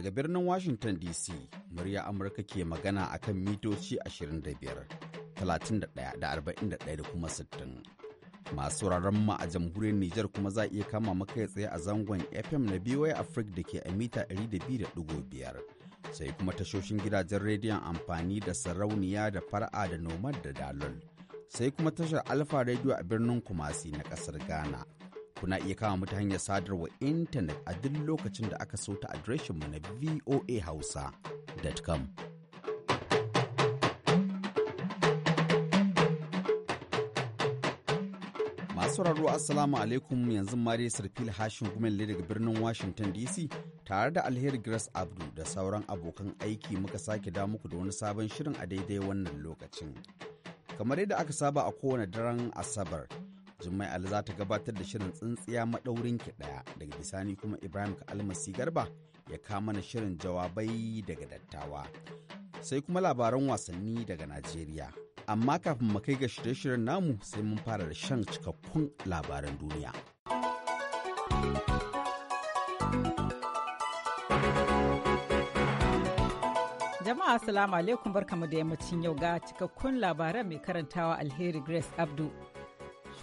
Daga birnin Washington DC, murya Amurka ke magana a kan mitoci 25, 31 da 41 da kuma 60. Masu wuraren mu a jamhuriyar Nijar kuma za a iya kama maka tsaye a zangon FM na BOA Africa da ke a mita 200.5. Sai kuma tashoshin gidajen rediyon amfani da sarauniya da far'a da nomad da dalol. Sai kuma tashar Alfa Radio a birnin Kumasi na kasar Ghana. Kuna iya kama mu ta hanyar sadarwa intanet a duk lokacin da aka so ta mu na voahausa.com. Masu raro Assalamu alaikum yanzu Mare Sarfil Hashin Gumelle daga birnin Washington DC tare da Alheri Grace Abdu da sauran abokan aiki muka sake da muku da wani sabon shirin a daidai wannan lokacin. Kamar yadda aka saba a kowane daren Asabar, Jummai Ali za ta gabatar da shirin tsintsiya maɗaurin ki ɗaya daga bisani kuma Ibrahim Almasi Garba ya kama mana shirin jawabai daga dattawa. Sai kuma labaran wasanni daga Najeriya. Amma kafin mu kai ga shirye-shiryen namu sai mun fara da shan cikakkun labaran duniya. Jama'a Assalamu alaikum barkamu da yammacin yau ga cikakkun labaran mai karantawa alheri Grace Abdu.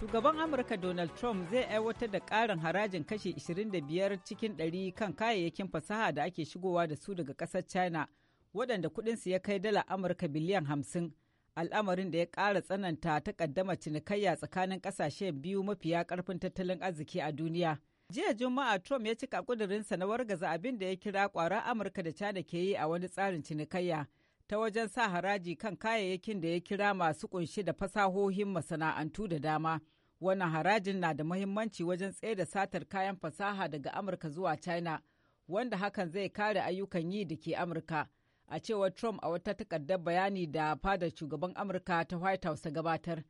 shugaban amurka donald trump zai aiwatar da ƙarin harajin kashe 25 cikin 100 kan kayayyakin fasaha da ake shigowa da su daga ƙasar china waɗanda kuɗinsu ya kai dala amurka biliyan 50 al'amarin da ya ƙara tsananta ta takaddama cinikayya tsakanin ƙasashen biyu mafiya ƙarfin tattalin arziki a duniya jiya juma'a trump ya cika ƙudurinsa na wargaza abin da ya kira ƙwara amurka da china ke yi a wani tsarin cinikayya ta wajen sa haraji kan kayayyakin da ya kira masu kunshi da fasahohin masana'antu da dama. Wannan harajin na da muhimmanci wajen tsaye da satar kayan fasaha daga Amurka zuwa China, wanda hakan zai kare ayyukan yi da ke Amurka. A cewar Trump a wata takardar bayani da fadar shugaban Amurka ta White House ta gabatar.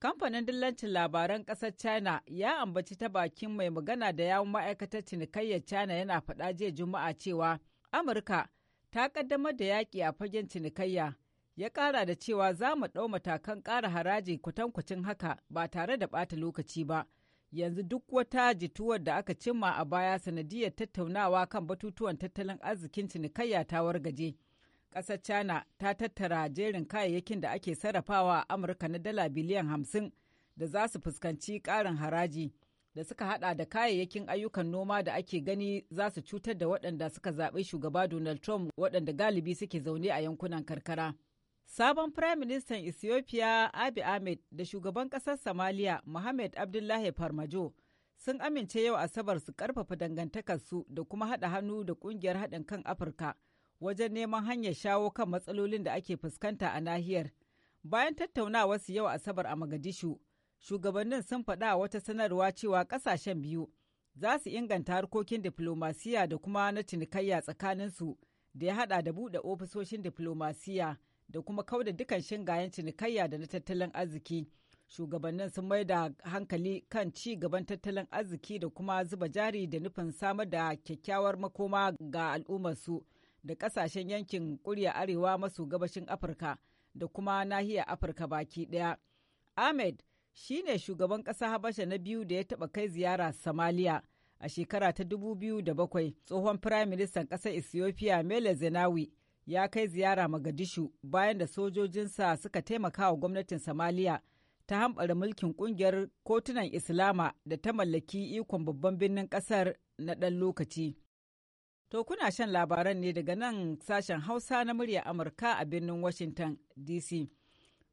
Kamfanin dillancin labaran ƙasar China ya ambaci ta bakin mai magana da yawun ma'aikatar cinikayyar China yana faɗa jiya Juma'a cewa Amurka ta kaddamar da yaƙi a fagen cinikayya ya ƙara da cewa za mu ɗau matakan ƙara haraji kwatankwacin haka ba tare da ɓata lokaci ba yanzu duk wata jituwar da aka cimma a baya sanadiyar tattaunawa kan batutuwan tattalin arzikin cinikayya ta wargaje ƙasar china ta tattara jerin kayayyakin da ake sarrafawa a amurka na dala biliyan hamsin da za su fuskanci ƙarin haraji da suka hada da kayayyakin ayyukan noma da ake gani za su cutar da waɗanda suka zaɓi shugaba Donald Trump waɗanda galibi suke zaune a yankunan karkara. Sabon Firaministan Ethiopia Abiy Ahmed da shugaban ƙasar Somalia Mohamed Abdullahi Farmajo sun amince yau Asabar su ƙarfafa dangantakarsu da kuma haɗa hannu da ƙungiyar haɗin kan Afirka wajen neman hanyar shawo kan matsalolin da ake fuskanta a nahiyar. Bayan su yau Asabar a Magadishu, shugabannin sun faɗa wata sanarwa cewa ƙasashen biyu za su inganta harkokin diflomasiya da kuma na cinikayya tsakaninsu da ya haɗa da buɗe ofisoshin diflomasiya da kuma kauda dukan shingayen cinikayya da na tattalin arziki. Shugabannin sun mai da hankali kan ci gaban tattalin arziki da kuma zuba jari da nufin samar da kyakkyawar makoma ga al'ummarsu da ƙasashen yankin ƙurya arewa maso gabashin Afirka da kuma nahiyar Afirka baki ɗaya. Ahmed shine shugaban ƙasa Habasha na biyu da ya taɓa kai ziyara Somalia a shekara ta dubu biyu da bakwai Tsohon Firaministan ƙasar Ethiopia Mele Zenawi ya kai ziyara Magadishu bayan da sojojinsa suka taimaka wa gwamnatin Somalia ta hambara mulkin ƙungiyar kotunan Islama da ta mallaki ikon babban birnin ƙasar na ɗan lokaci. To kuna shan labaran ne daga nan sashen Hausa na murya Amurka a birnin Washington DC.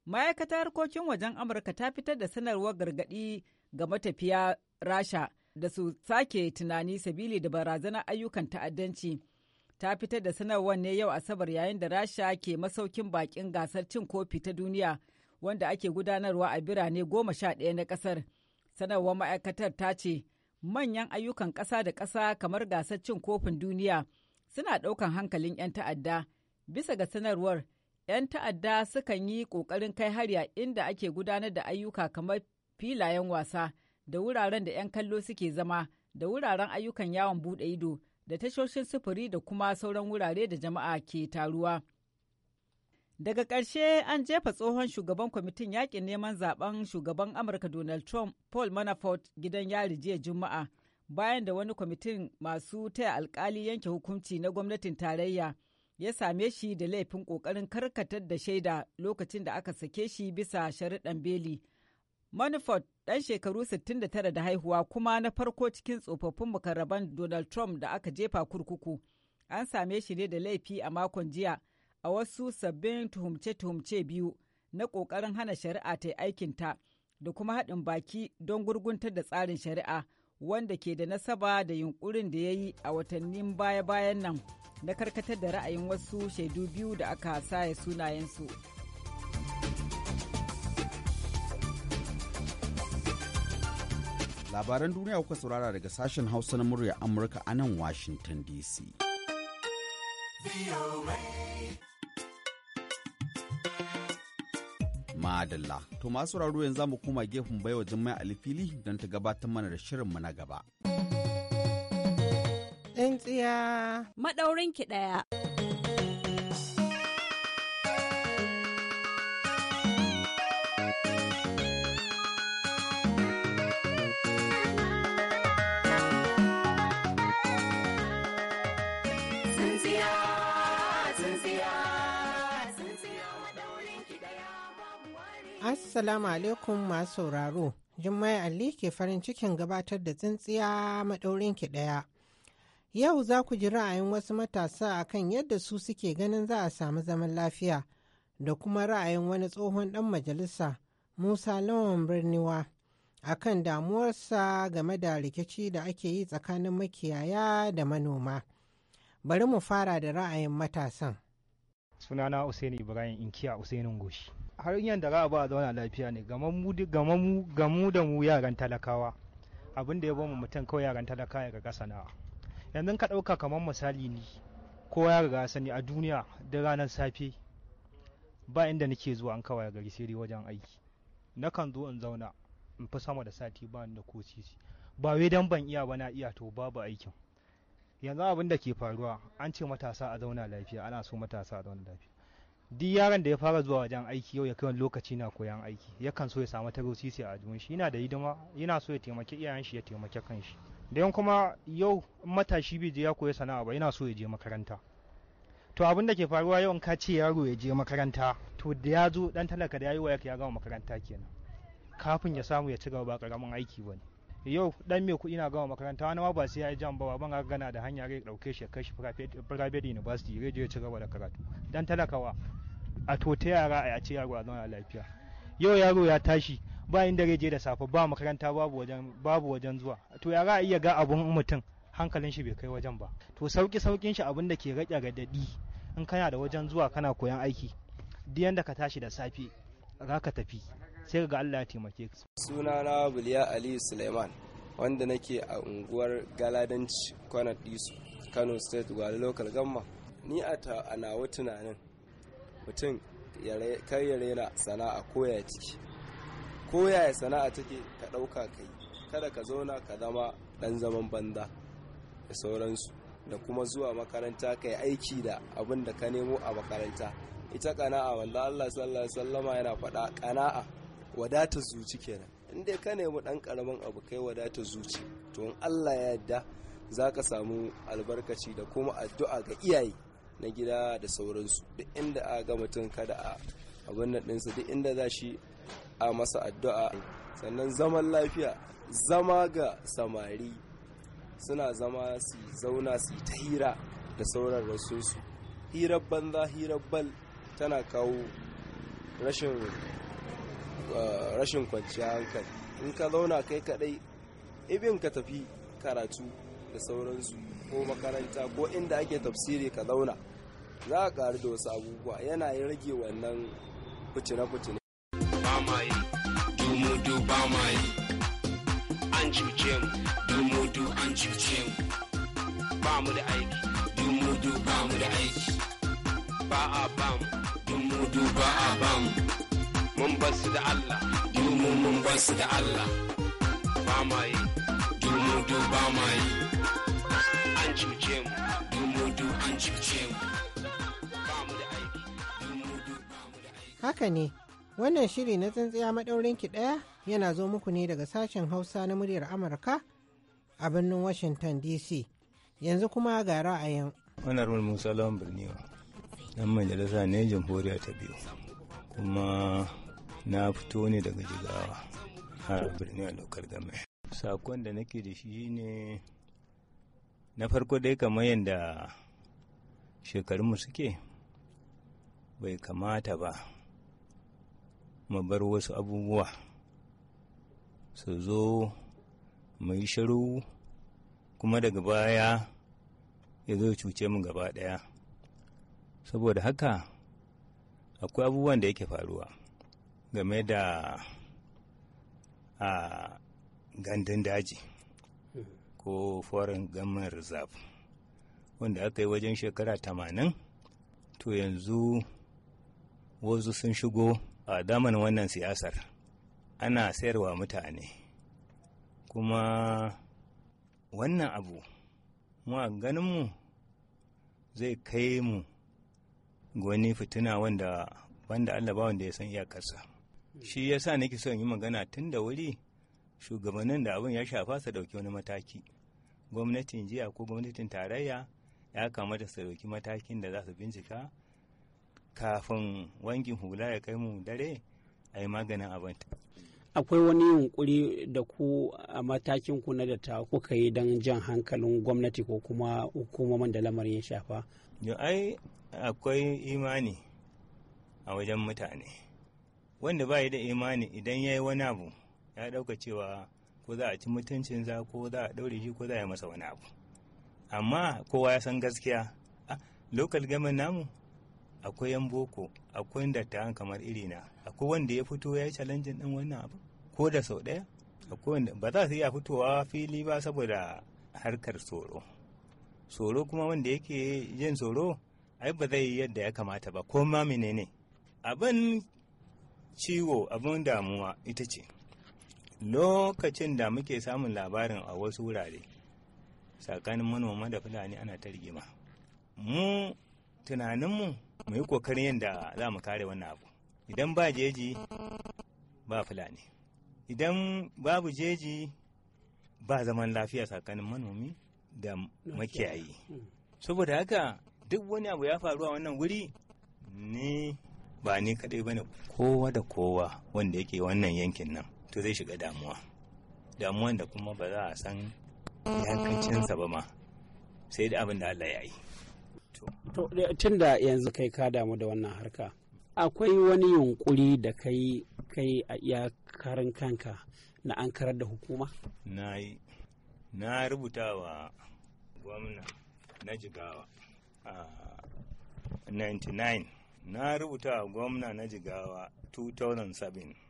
ma'aikatar harkokin wajen amurka ta fitar da sanarwar gargaɗi ga matafiya rasha da su sake tunani sabili da barazanar ayyukan ta'addanci ta fitar da sanarwar ne yau asabar yayin da rasha ke masaukin bakin gasar cin kofi ta duniya wanda ake gudanarwa a birane goma sha ɗaya na ƙasar sanarwar ma'aikatar ta ce manyan ayyukan ƙasa da ƙasa kamar gasar cin kofin duniya suna ɗaukan hankalin 'yan ta'adda bisa ga sanarwar 'yan ta'adda sukan yi ƙoƙarin kai hariya inda ake gudanar da ayyuka kamar filayen wasa da wuraren da 'yan kallo suke zama da wuraren ayyukan yawon buɗe ido da tashoshin sufuri da kuma sauran wurare da jama'a ke taruwa. Daga ƙarshe an jefa tsohon shugaban kwamitin yakin neman zaben shugaban Amurka Donald Trump Paul Manafort gidan yari jiya Juma'a bayan da wani kwamitin masu taya alkali yanke hukunci na gwamnatin tarayya. ya same shi da laifin ƙoƙarin karkatar da shaida lokacin da aka sake shi bisa sharuɗan beli. Manifold ɗan shekaru 69 da haihuwa kuma na farko cikin tsofaffin mukarraban Donald Trump da aka jefa kurkuku. An same shi ne da laifi a makon jiya a wasu sabbin tuhumce-tuhumce biyu na ƙoƙarin hana shari'a ta yi aikinta da kuma haɗin baki don gurguntar da tsarin shari'a wanda ke da nasaba da yunkurin da ya yi a watannin baya-bayan nan na karkatar da ra'ayin wasu shaidu biyu da aka saye sunayensu. Labaran duniya kuka saurara daga sashen Hausa na murya Amurka a nan Washington DC. Madalla, to masu raro yanzu mu koma gefen baiwa Jummai Ali fili don ta gabatar mana da shirin mu na gaba. tsintsiya maɗaurin ki ɗaya. Assalamu alaikum masu sauraro. Jummai Ali ke farin cikin gabatar da tsintsiya maɗaurin ki ɗaya. Yau za ku ji ra'ayin wasu matasa a kan yadda su suke ganin za a samu zaman lafiya da kuma ra'ayin wani tsohon ɗan majalisa Musa Lawan Birniwa a kan damuwarsa game da rikici da ake yi tsakanin makiyaya da manoma. Bari mu fara da ra'ayin matasan. Sunana Usaini Ibrahim Inkiya Usainin Goshi. Har yin da ra'a ba a zauna lafiya ne gamu da mu yaran talakawa abin da ya mu mutum kawai yaran talakawa ga ƙasa nawa. yanzu ka ɗauka kamar misali ne kowa ya riga sani a duniya da ranar safe ba inda nake zuwa an kawai gari sai dai wajen aiki nakan zo in zauna in fi sama da sati ba da ko sisi ba wai dan ban iya ba na iya to babu aikin yanzu abin da ke faruwa an ce matasa a zauna lafiya ana so matasa a zauna lafiya duk yaron da ya fara zuwa wajen aiki yau ya kai lokaci na koyan aiki yakan so ya samu tarosisi a ajiyun shi yana da hidima yana so ya taimaki iyayen shi ya taimaki shi. yan kuma yau matashi bai je ya koya sana'a ba yana so ya je makaranta to abin da ke faruwa yawan ka ce yaro ya je makaranta to da ya zo dan talaka da yayi waya ya gama makaranta kenan kafin ya samu ya ci gaba ba karamin aiki ba ne yau dan mai kuɗi na gama makaranta wani ma ba sai ya yi jan ba ban ga gana da hanya rai ɗauke shi kai shi private university rai je ya ci gaba da karatu dan talakawa a to ta yara a ce yaro a zauna lafiya yau yaro ya tashi ba inda zai je da safe ba makaranta babu wajen babu wajen zuwa to ya ga iya ga abun mutum hankalin shi bai kai wajen ba to sauki saukin shi abin da ke rage radadi in kana da wajen zuwa kana koyan aiki duk yanda ka tashi da safe za ka tafi sai ga Allah ya taimake ka na Buliya Ali Suleiman wanda nake a unguwar Galadanci Kwana Disu Kano State Gwale Local Gamma ni a nawa tunanin mutum kar ya sana'a koya ciki koya sana'a take ka ɗauka kai kada ka zauna ka zama ɗan zaman banza da sauransu da kuma zuwa makaranta ka yi aiki da abin da ka nemo a makaranta ita kana'a wanda Allah sallallahu alaihi wasallama yana faɗa kana'a wadata zuci kenan in dai ka nemi ɗan karamin abu kai wadata zuci to in Allah ya yarda za ka samu albarkaci da kuma addu'a ga iyaye na gida da sauransu duk inda a ga mutum kada a abin nan ɗinsa duk inda za shi a masa addu'a sannan zaman lafiya zama ga samari suna zama su zauna su ta hira da sauran rasunsu hirar banza hirar bal tana kawo rashin eh, rashin kwanciyar hankali in ka zauna kai kadai ibin ka tafi karatu da sauransu ko makaranta ko inda ake tafsiri ka zauna za a ƙaru da wasu abubuwa yana yin rage wannan kucine-kucine. ba ma yi ba ma da Allah dumu mun su da Allah ba ma yi dumudu ba ma yi haka ne wannan shiri na tsintsiya maɗaurin ki ɗaya yana zo muku ne daga sashen hausa na muryar amurka a birnin washington dc yanzu kuma ga ra'ayin honorable musa lawan birniwa dan majalisa ne jamhuriya ta biyu kuma na fito ne daga jigawa har birniwa lokar game sakon da nake da shi ne na farko dai kamar yadda shekarunmu suke bai kamata ba mu bar wasu abubuwa su zo mu yi shiru kuma daga baya ya zo cuce mu gaba ɗaya saboda haka akwai abubuwan da yake faruwa game da a ah, gandun daji ko foreign government reserve wanda aka yi wajen shekara tamanin to yanzu wasu sun shigo a daman wannan siyasar ana sayarwa mutane kuma wannan abu mu ganinmu zai kai mu ga wani fitina wanda banda Allah wanda ya san iyakarsa shi yasa nake son yi magana tun da wuri shugabannin da abin ya shafa su ɗauki wani mataki gwamnatin jiya ko gwamnatin tarayya ya kamata su ɗauki matakin da za su bincika kafin wangin hula ya kai mu dare a yi maganin abin akwai wani yunkuri da ku a matakin ku na da takukayi kuka yi don jan hankalin gwamnati ko kuma hukumomin da lamarin ya shafa ai akwai imani a wajen mutane wanda ba da imani idan ya yi wani abu ya ɗauka cewa ko za a ci mutuncin za ko za a ɗaure shi ko za a yi masa wani abu amma kowa ya san gaskiya a local gamin namu akwai yan boko akwai ta kamar iri na. akwai wanda ya fito ya yi challenging din wannan abu ko da sau ɗaya akwai wanda ba za su iya fitowa fili ba saboda harkar tsoro tsoro kuma wanda yake yin tsoro ai ba zai yi yadda ya kamata ba ko ma menene abin ciwo abin damuwa ita ce lokacin da muke samun labarin a wasu wurare tsakanin manoma da fulani ana ta rigima mu tunaninmu mu yi kokarin yadda za mu kare wannan abu idan ba jeji ba fulani idan babu jeji ba zaman lafiya tsakanin manomi da makiyayi saboda haka duk wani abu ya faru a wannan wuri ne ba ni kadai bane kowa da kowa wanda yake wannan yankin nan to zai shiga damuwa damuwan da kuma ba za a san yankacinsa ba ma sai da abin da Allah ya yi to eh, tun da yanzu kai ka damu da wannan harka akwai wani yunkuri da kai kai a iyakarin kanka na an karar da hukuma na na rubuta wa gwamna na jigawa a 99 na rubuta wa gwamna na jigawa 2007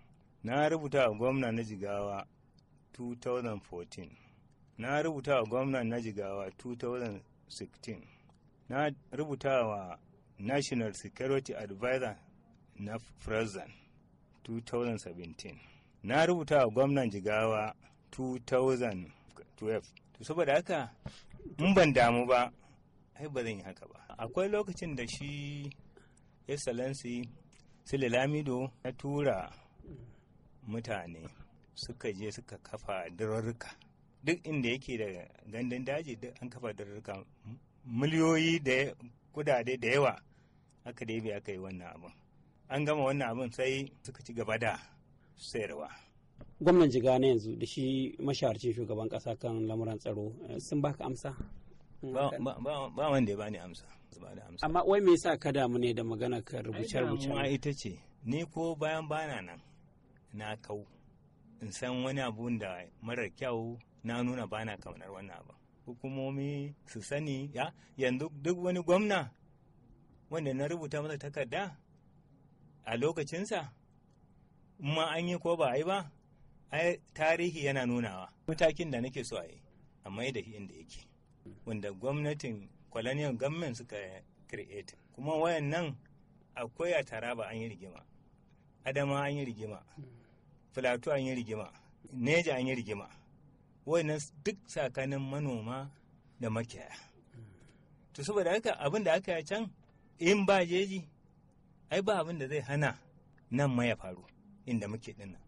na rubuta a gwamna na jigawa 2014 na rubuta wa gwamna na jigawa 2016 na rubuta wa national security advisor na frozen 2017 na rubuta wa gwamnan jigawa 2012 to saboda haka in ban damu ba ai ba zan yi haka ba akwai lokacin da shi excellency sule lamido na tura mutane suka je suka kafa dararruka duk inda yake da gandun daji duk an kafa dararruka miliyoyi da kudade da yawa aka dabe aka yi wannan abin an gama wannan abin sai suka ci gaba da sayarwa gwamnan jiga na yanzu da shi masharci shugaban kasa kan lamuran tsaro eh, sun baka amsa ba wanda ya bani amsa amma wai me yasa ka damu ne da magana ka rubuce rubuce ita ce ni ko bayan bana nan na kau in san wani abu da marar kyau na nuna ba na kaunar wannan abu hukumomi su sani ya yanzu duk wani gwamna wanda na rubuta masa takarda a lokacinsa ma an yi ko ba a yi ba ai tarihi yana nunawa matakin da nake so a yi amma da inda yake wanda gwamnatin colonial government suka create kuma wayan nan akwai a taraba an yi rigima adama an yi rigima filatu an yi rigima neja an yi rigima wannan duk tsakanin manoma da makiyaya to saboda haka abin da aka yi can in ba jeji ai ba abin da zai hana nan ma ya faru inda muke dinnan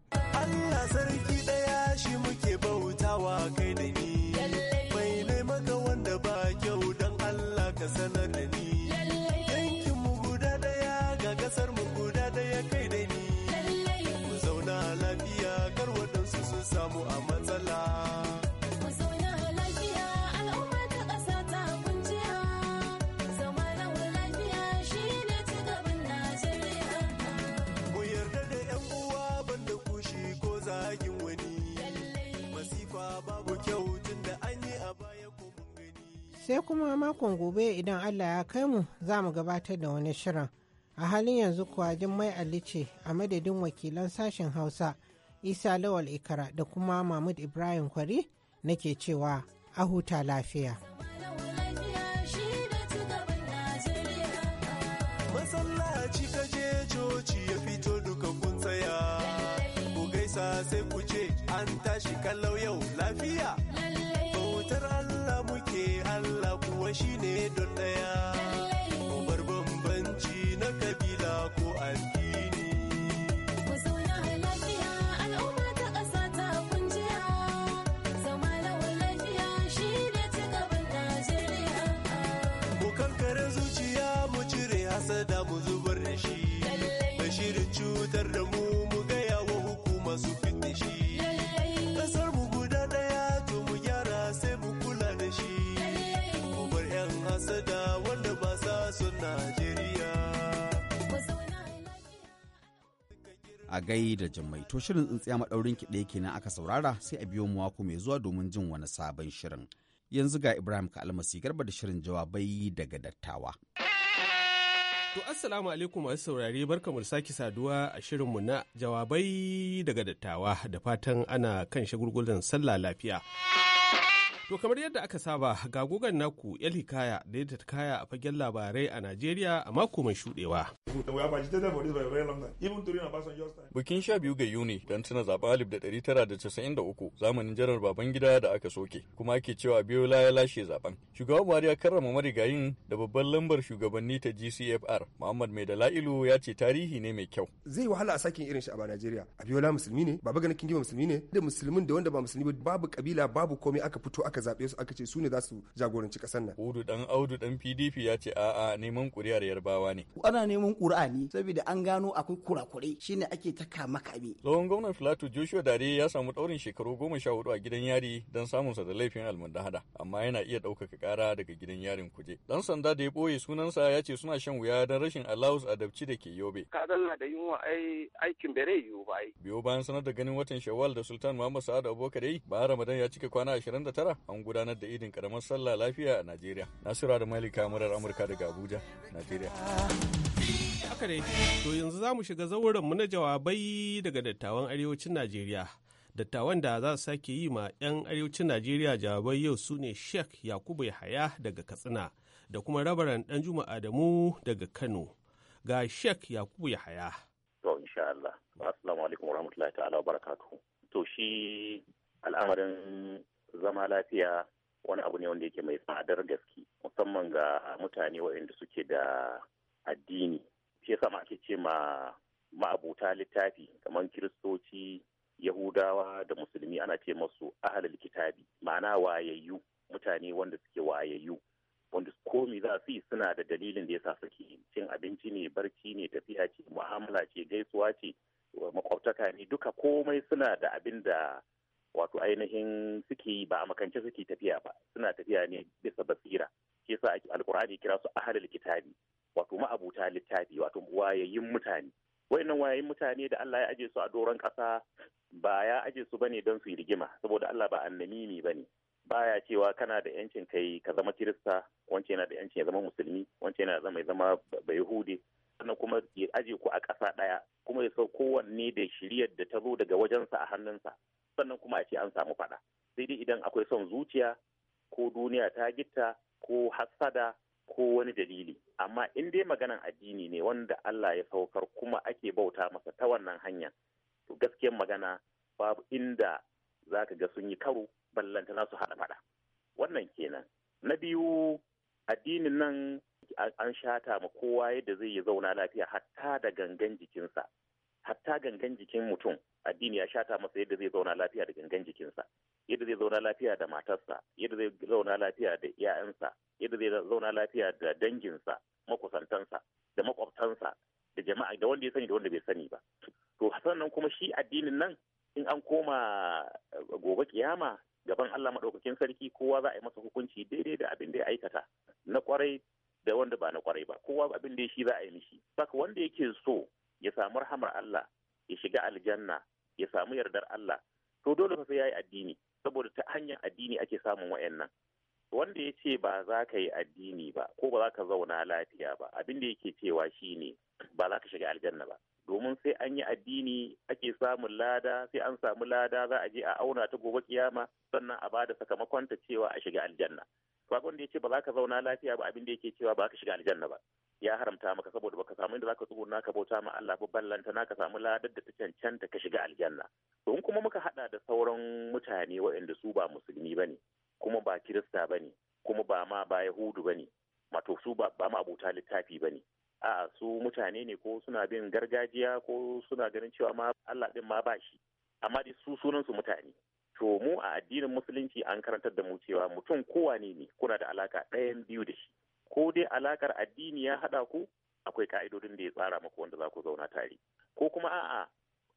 sai kuma makon gobe idan allah ya kai mu za mu gabatar da wani shirin a halin yanzu kuwa Jummai ali ce a madadin wakilan sashen hausa isa lawal ikara da kuma mahmud ibrahim kwari nake cewa a huta lafiya masallaci ya fito kun gaisa sai ku ce an tashi kallau yau lafiya shi shine don ɗaya. a gai da jimmai to shirin tsintsiya maɗaurin kiɗe kenan aka saurara sai a biyo mu mako mai zuwa domin jin wani sabon shirin yanzu ga ibrahim ka almasi garba da shirin jawabai daga dattawa to assalamu alaikum masu saurare barka da sake saduwa a shirin mu na jawabai daga dattawa da fatan ana kan shagulgulan sallah lafiya To kamar yadda aka saba ga gugan naku yan hikaya da yadda ta kaya a fagen labarai a Najeriya a mako mai shudewa. Bikin sha biyu ga Yuni don tuna zaɓen alif da ɗari tara da casa'in da uku zamanin jiran Babangida da aka soke kuma ake cewa Abiola ya lashe zaben. shugaban Buhari ya karrama marigayin da babban lambar shugabanni ta GCFR Muhammad Mai Dala'ilu ya ce tarihi ne mai kyau. Zai wahala a sakin irin shi a Najeriya. Abiola musulmi ne, Baba Gana Kingiwa musulmi ne, da musulmin da wanda ba musulmi babu kabila babu komai aka fito aka aka zaɓe su aka ce su ne za su jagoranci ƙasar nan. Hudu dan Audu dan PDP ya ce a'a neman ƙuri'ar Yarbawa ne. Ana neman ƙuri'a ne saboda an gano akwai kurakure. shi ne ake ta kama kame. Tsohon gwamnan Filato Joshua Dare ya samu ɗaurin shekaru goma sha hudu a gidan yari don samunsa da laifin almundahada amma yana iya ɗaukaka kara daga gidan yarin kuje. Dan sanda da ya ɓoye sunansa ya ce suna shan wuya don rashin a adabci da ke yobe. Ka na da yunwa ai aikin bere yiwu ba ai. Biyo bayan sanar da ganin watan Shawwal da Sultan Muhammad Sa'ad Abubakar yi ba Ramadan ya cika kwana ashirin 29 an gudanar da idin karamar sallah lafiya a Najeriya. nasira da Malika murar Amurka daga Abuja, Najeriya. Haka ne, to yanzu za mu shiga zauren mu na jawabai daga dattawan arewacin Najeriya. Dattawan da za su sake yi ma 'yan arewacin Najeriya jawabai yau su ne Sheikh Yakubu Yahaya daga Katsina da kuma Rabaran juma Adamu daga Kano. Ga Sheikh Yakubu Yahaya. To, insha Allah. Assalamu alaikum wa rahmatullahi ta'ala wa barakatuhu. To, shi al'amarin zama lafiya wani abu ne wanda yake mai tsadar gaske musamman ga mutane waɗanda suke da addini shi yasa ma ake ce ma ma'abuta littafi kamar kiristoci yahudawa da musulmi ana ce masu ahalal kitabi ma'ana wayayyu mutane wanda suke wayayyu wanda komi za su yi suna da dalilin da yasa suke cin abinci ne barci ne tafiya ce mu'amala ce gaisuwa ce makwabtaka ne duka komai suna da abin da wato ainihin suke ba a makance suke tafiya ba suna tafiya ne bisa basira shi yasa alkur'ani kira su ahlul kitabi wato ma'abuta littafi wato wayayin mutane wayannan wayayin mutane da Allah ya aje su a doron ƙasa ba ya aje su bane don su yi rigima saboda Allah ba annabi ne bane baya cewa kana da yancin kai ka zama kirista wance yana da yancin ya zama musulmi wance yana zama ya zama bayahudi sannan kuma ya aje ku a kasa ɗaya kuma ya sau kowanne da shiriyar da ta zo daga wajensa a hannunsa sannan kuma a ce an samu faɗa sai dai idan akwai son zuciya ko duniya ta gitta ko hassada ko wani dalili amma in dai maganan addini ne wanda Allah ya saukar kuma ake bauta masa ta wannan hanya to gaskiyar magana babu inda za ka ga sun yi karo ballantana su haɗa faɗa wannan kenan na biyu addinin nan an shata ma kowa yadda zai yi zauna lafiya hatta da gangan jikinsa hatta gangan jikin mutum addini ya shata masa yadda zai zauna lafiya da gangan jikinsa yadda zai zauna lafiya da matarsa yadda zai zauna lafiya da 'ya'yansa yadda zai zauna lafiya da danginsa makusantansa da makwabtansa da jama'a da wanda ya sani da wanda bai sani ba to sannan kuma shi addinin nan in an koma eh, gobe kiyama gaban Allah madaukakin sarki kowa za a yi masa hukunci daidai da abin da ya aikata na kwarai da wanda ba na kwarai ba kowa abin da shi za a yi mishi saka wanda yake so ya samu rahamar Allah ya shiga aljanna ya samu yardar Allah to dole fa sai yayi addini saboda ta hanyar addini ake samun wayannan wanda ya ce ba za ka yi addini ba ko ba za ka zauna lafiya ba abin da yake cewa shine ba za ka shiga aljanna ba domin sai an yi addini ake samun lada sai an samu lada za a je a auna ta gobe kiyama sannan a bada sakamakon ta cewa a shiga aljanna wanda da ce ba za ka zauna lafiya ba abin da yake cewa ba za ka shiga aljanna ba ya haramta maka saboda baka samu inda za zaka tsuguna ka bauta ma Allah ba ballanta ka samu ladar da ta cancanta ka shiga aljanna to kuma muka hada da sauran mutane waɗanda su ba musulmi bane kuma ba kirista ba ne kuma ba ma ba yahudu ba ne Mato su ba ma abota littafi ba ne a su mutane ne ko suna bin gargajiya ko suna ganin cewa ma Allah din ma ba shi amma dai su sunan su mutane to mu a addinin musulunci an karantar da mu cewa mutum kowane ne kuna da alaka ɗayan biyu da shi ko dai alakar addini ya haɗa ku akwai ka'idodin da ya tsara maku wanda za ku zauna tare ko kuma a'a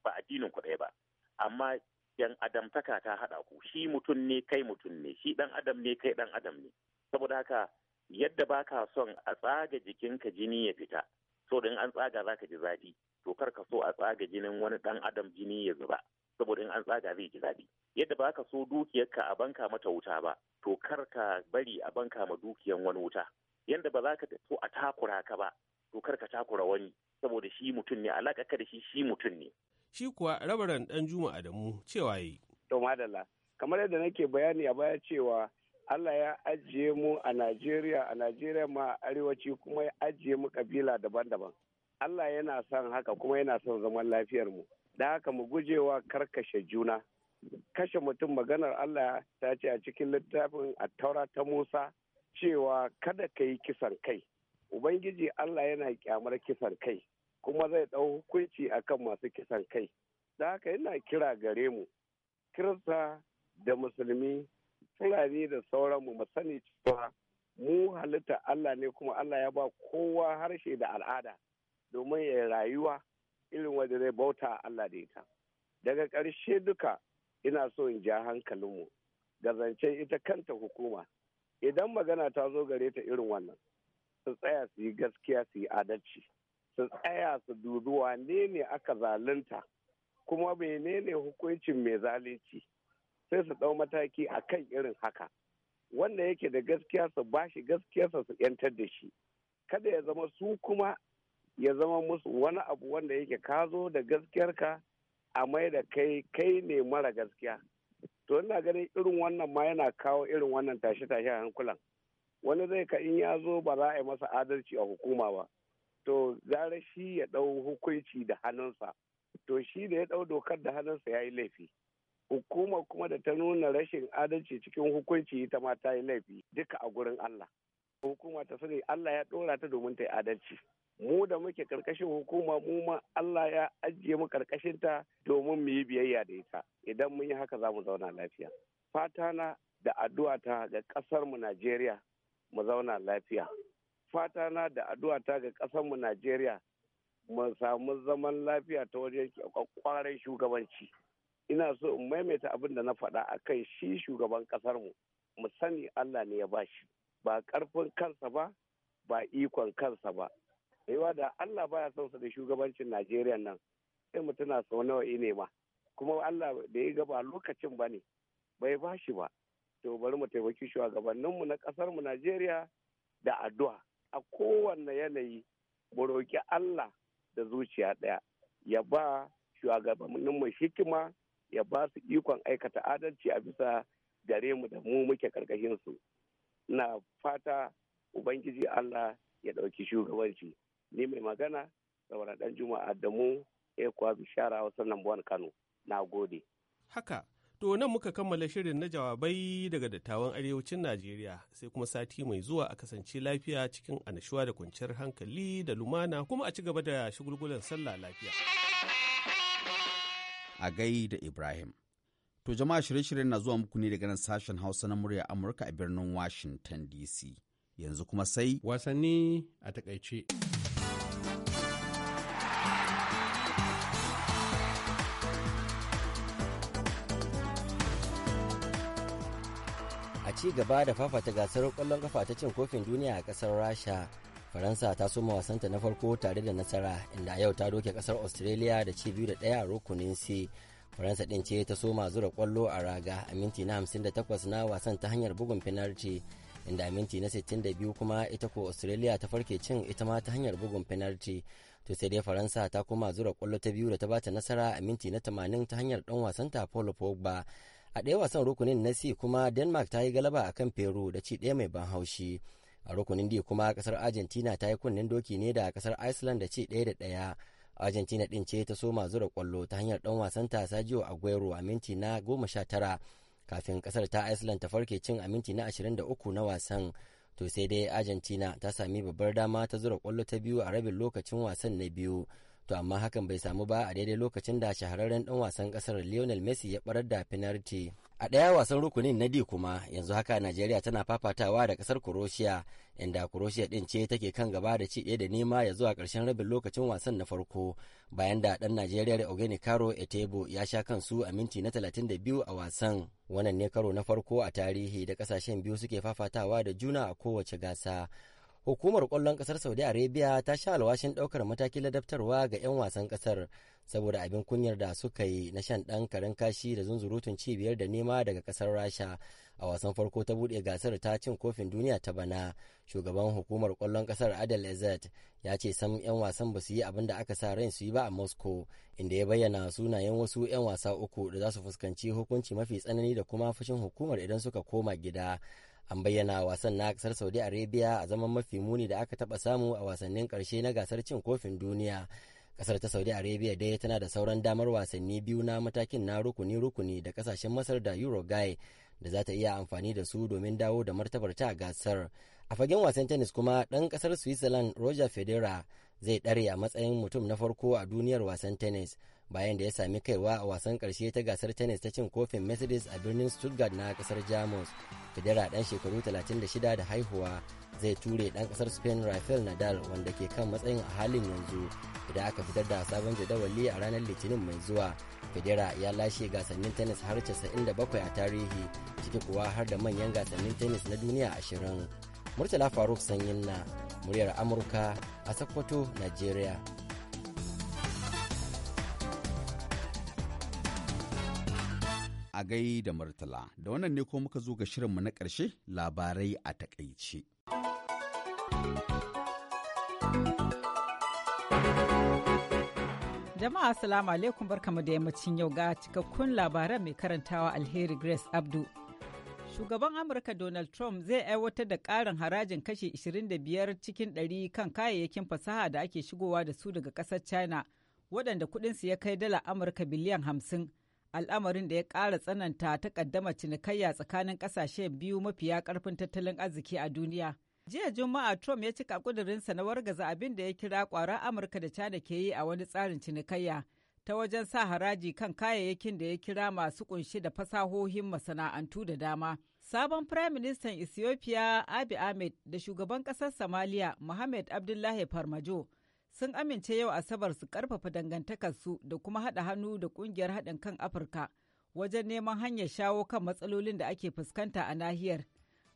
ba addinin ku ɗaya ba amma yan adamtaka ta haɗa ku shi mutum ne kai mutum ne shi ɗan adam ne kai ɗan adam ne saboda haka yadda ba ka son a tsaga jikinka jini ya fita so in an tsaga za ka ji zafi to kar ka so a tsaga jinin wani ɗan adam jini ya zuba saboda in an tsaga zai ji zafi yadda ba ka so dukiyarka a banka mata wuta ba to kar ka bari a banka ma dukiyan wani wuta yadda ba za ka so a takura ka ba to kar ka takura wani saboda shi mutum ne alaƙa da shi shi mutum ne shi kuwa rabaran dan juma adamu cewa yi to madalla kamar yadda nake bayani a baya cewa Allah ya ajiye mu a Najeriya a Najeriya ma arewaci kuma ya ajiye mu kabila daban-daban Allah yana son haka kuma yana son zaman lafiyar mu da haka mu gujewa karkashe juna kashe mutum maganar Allah ta ce a cikin littafin attaura ta Musa cewa kada ka yi kisan kai Ubangiji Allah yana kyamar kisan kai kuma zai ɗau hukunci a kan masu kisan kai da haka yana kira gare mu kirista da musulmi fulani da sauran mu sani cewa mu halitta Allah ne kuma Allah ya ba kowa harshe da al'ada domin ya rayuwa irin wanda zai bauta Allah da ita daga ƙarshe duka ina so in ja hankalinmu ga zancen ita kanta hukuma idan magana ta zo gare ta irin wannan su tsaya su yi gaskiya su yi adalci su tsaya su dubi wane ne aka zalunta kuma menene hukuncin mai zalunci sai su ɗau mataki a kan irin haka wanda yake da gaskiya su bashi shi gaskiyarsa su yantar da shi kada ya zama su kuma ya zama musu wani abu wanda yake ka zo da gaskiyarka a mai da kai kai ne mara gaskiya to ina ganin irin wannan ma yana kawo irin wannan tashe-tashe a hankulan wani zai ka in ya zo ba za a yi masa adalci a hukuma ba to zara shi ya ɗau hukunci da hannunsa to shi da ya ɗau dokar da hannunsa ya yi laifi hukuma kuma da ta nuna rashin adalci cikin hukunci ita ma ta yi laifi duka a gurin Allah hukuma ta sani Allah ya ɗora ta domin ta yi adalci mu da muke karkashin hukuma mu ma Allah ya ajiye mu karkashin ta domin mu yi biyayya da ita idan mun yi haka za mu zauna lafiya fatana da addu'a ta ga ƙasar mu Najeriya mu zauna lafiya fata na da addu'a ta ga ƙasarmu Najeriya mu samu zaman lafiya ta wajen kwakwaren shugabanci. Ina so in maimaita abin da na faɗa akan shi shugaban ƙasarmu mu sani Allah ne ya bashi ba ƙarfin kansa ba ba ikon kansa ba. Yawa da Allah baya son sa da shugabancin Najeriya nan sai mu tuna sau nawa ne ma kuma Allah da ya gaba lokacin ba ne bai bashi ba to bari mu taimaki shugabanninmu na ƙasarmu Najeriya da addu'a. a kowanne yanayi mu roƙi Allah da zuciya ɗaya ya ba mu hikima ya ba su ikon aikata adalci a bisa gare mu da mu muke su na fata ubangiji Allah ya ɗauki shugabanci ni mai magana saboda ɗan juma'a da mu ekwa bishara wasan nan kano na gode haka To nan muka kammala shirin na jawabai daga dattawan arewacin Najeriya sai kuma sati mai zuwa a kasance lafiya cikin anashuwa da kwanciyar hankali da lumana kuma a ci gaba da shugulgulan sallah lafiya. A gai da Ibrahim. To jama'a shirye-shiryen na zuwa muku ne daga nan sashen Hausa na murya Amurka a birnin Washington DC. Yanzu kuma sai wasanni a takaice. ci gaba da fafata gasar kwallon kafa ta cin kofin duniya a kasar rasha faransa ta soma wasanta na farko tare da nasara inda yau ta doke kasar australia da ci biyu da daya a rukunin c faransa din ce ta soma zura kwallo a raga a minti na 58 na wasan ta hanyar bugun finarci inda a minti na 62 kuma ita ko australia ta farke cin ita ma ta hanyar bugun finalti to sai dai faransa ta koma zura kwallo ta biyu da ta bata nasara a minti na 80 ta hanyar dan wasanta paul pogba a ɗaya wasan rukunin na c kuma denmark ta yi galaba a kan peru da ci ɗaya mai ban haushi a rukunin d kuma ƙasar argentina ta yi kunnen doki ne da ƙasar iceland da ci ɗaya da ɗaya argentina ɗin ce ta soma zura kwallo ta hanyar ɗan wasan ta sajiyo aguero a minti na goma sha tara kafin ƙasar ta iceland ta farke cin a minti na ashirin da uku na wasan to sai dai argentina ta sami babbar dama ta zura kwallo ta biyu a rabin lokacin wasan na biyu to amma hakan bai samu ba a daidai lokacin da shahararren dan wasan kasar lionel messi ya barar da finarti a ɗaya wasan rukunin na dikuma, kuma yanzu haka najeriya tana fafatawa da kasar croatia inda croatia din ce take kan gaba da ci da nema ya zuwa ƙarshen rabin lokacin wasan na farko bayan da ɗan najeriya ogeni karo etebo ya sha kansu a minti na 32 a wasan wannan ne karo na farko a tarihi da kasashen biyu suke fafatawa da juna a kowace gasa hukumar kwallon kasar saudi arabia ta sha alwashin daukar mataki ladabtarwa ga 'yan wasan kasar saboda abin kunyar da suka yi na shan dan karen kashi da zunzurutun cibiyar da nema daga kasar rasha a wasan farko ta bude gasar ta cin kofin duniya ta bana shugaban hukumar kwallon kasar adel ezet ya ce sam 'yan wasan ba su yi abin da aka sa ran su yi ba a moscow inda ya bayyana sunayen wasu 'yan wasa uku da za su fuskanci hukunci mafi tsanani da kuma fushin hukumar idan suka koma gida an bayyana wasan na kasar saudi arabia a zaman mafi muni da aka taba samu a wasannin karshe na gasar cin kofin duniya kasar ta saudi arabia dai tana da sauran damar wasanni biyu na matakin na rukuni-rukuni da kasashen masar da uruguay da za ta iya amfani da su domin dawo da martabar ta a gasar a fagen wasan tennis kuma dan kasar switzerland roger federer zai dare a matsayin mutum na farko a duniyar wasan tennis bayan da ya sami kaiwa a wasan karshe ta gasar tennis ta cin kofin mercedes a birnin stuttgart na kasar jamus federa dan shekaru 36 da haihuwa zai ture dan kasar spain rafael nadal wanda ke kan matsayin a halin yanzu idan aka fitar da sabon jadawali a ranar litinin mai zuwa federa ya lashe gasannin tennis har 97 a tarihi ciki kuwa har da manyan gasannin tennis na duniya 20 murtala faruk sanyin na muryar amurka a sokoto nigeria a gai da Murtala. Da wannan ne ko muka zo ga shirinmu na ƙarshe labarai a takaice. Jama'a Assalamu alaikum barkamu da yammacin yau ga cikakkun labaran mai karantawa Alheri Grace Abdu. Shugaban Amurka Donald Trump zai aiwatar da ƙarin harajin kashe 25 cikin 100 kan kayayyakin fasaha da ake shigowa da su daga ƙasar China, waɗanda kudinsu ya kai dala Amurka biliyan 50. al'amarin da ya ƙara tsananta ta ƙaddamar cinikayya tsakanin ƙasashe biyu mafiya ƙarfin tattalin arziki a duniya. Jiya Juma'a Trump ya cika ƙudurinsa na wargaza abin da ya kira ƙwara Amurka da China ke yi a wani tsarin cinikayya ta wajen sa haraji kan kayayyakin da ya kira masu ƙunshi da fasahohin masana'antu da dama. Sabon Firayim Ministan Ethiopia Abiy Ahmed da shugaban ƙasar Somalia Mohamed Abdullahi Farmajo sun amince yau Asabar su karfafa dangantakarsu da kuma haɗa hannu da ƙungiyar haɗin kan Afirka wajen neman hanyar shawo kan matsalolin da ake fuskanta a nahiyar.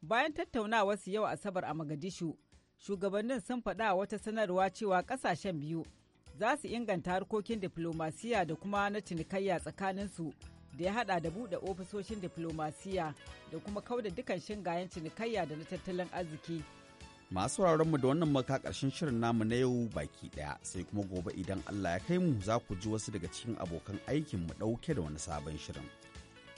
Bayan tattaunawa su yau Asabar a Magadishu, shugabannin sun faɗa wata sanarwa cewa ƙasashen biyu za su inganta harkokin diflomasiya da kuma na cinikayya tsakaninsu da ya haɗa da buɗe ofisoshin diflomasiya da kuma kauda dukan shingayen cinikayya da na tattalin arziki. Masu mu da wannan maka ƙarshen shirin namu na yau baki ɗaya sai kuma gobe idan Allah ya kai mu za ku ji wasu daga cikin abokan aikin mu ɗauke da wani sabon shirin.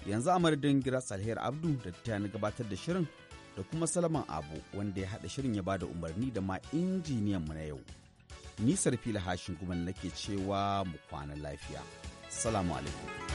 Yanzu a madadin Giras Alheri Abdu da ta na gabatar da shirin da kuma Salaman Abu wanda ya haɗa shirin ya ba da umarni da ma injiniyan mu na yau. Nisar fila hashin kuma nake cewa mu kwana lafiya. Salamu alaikum.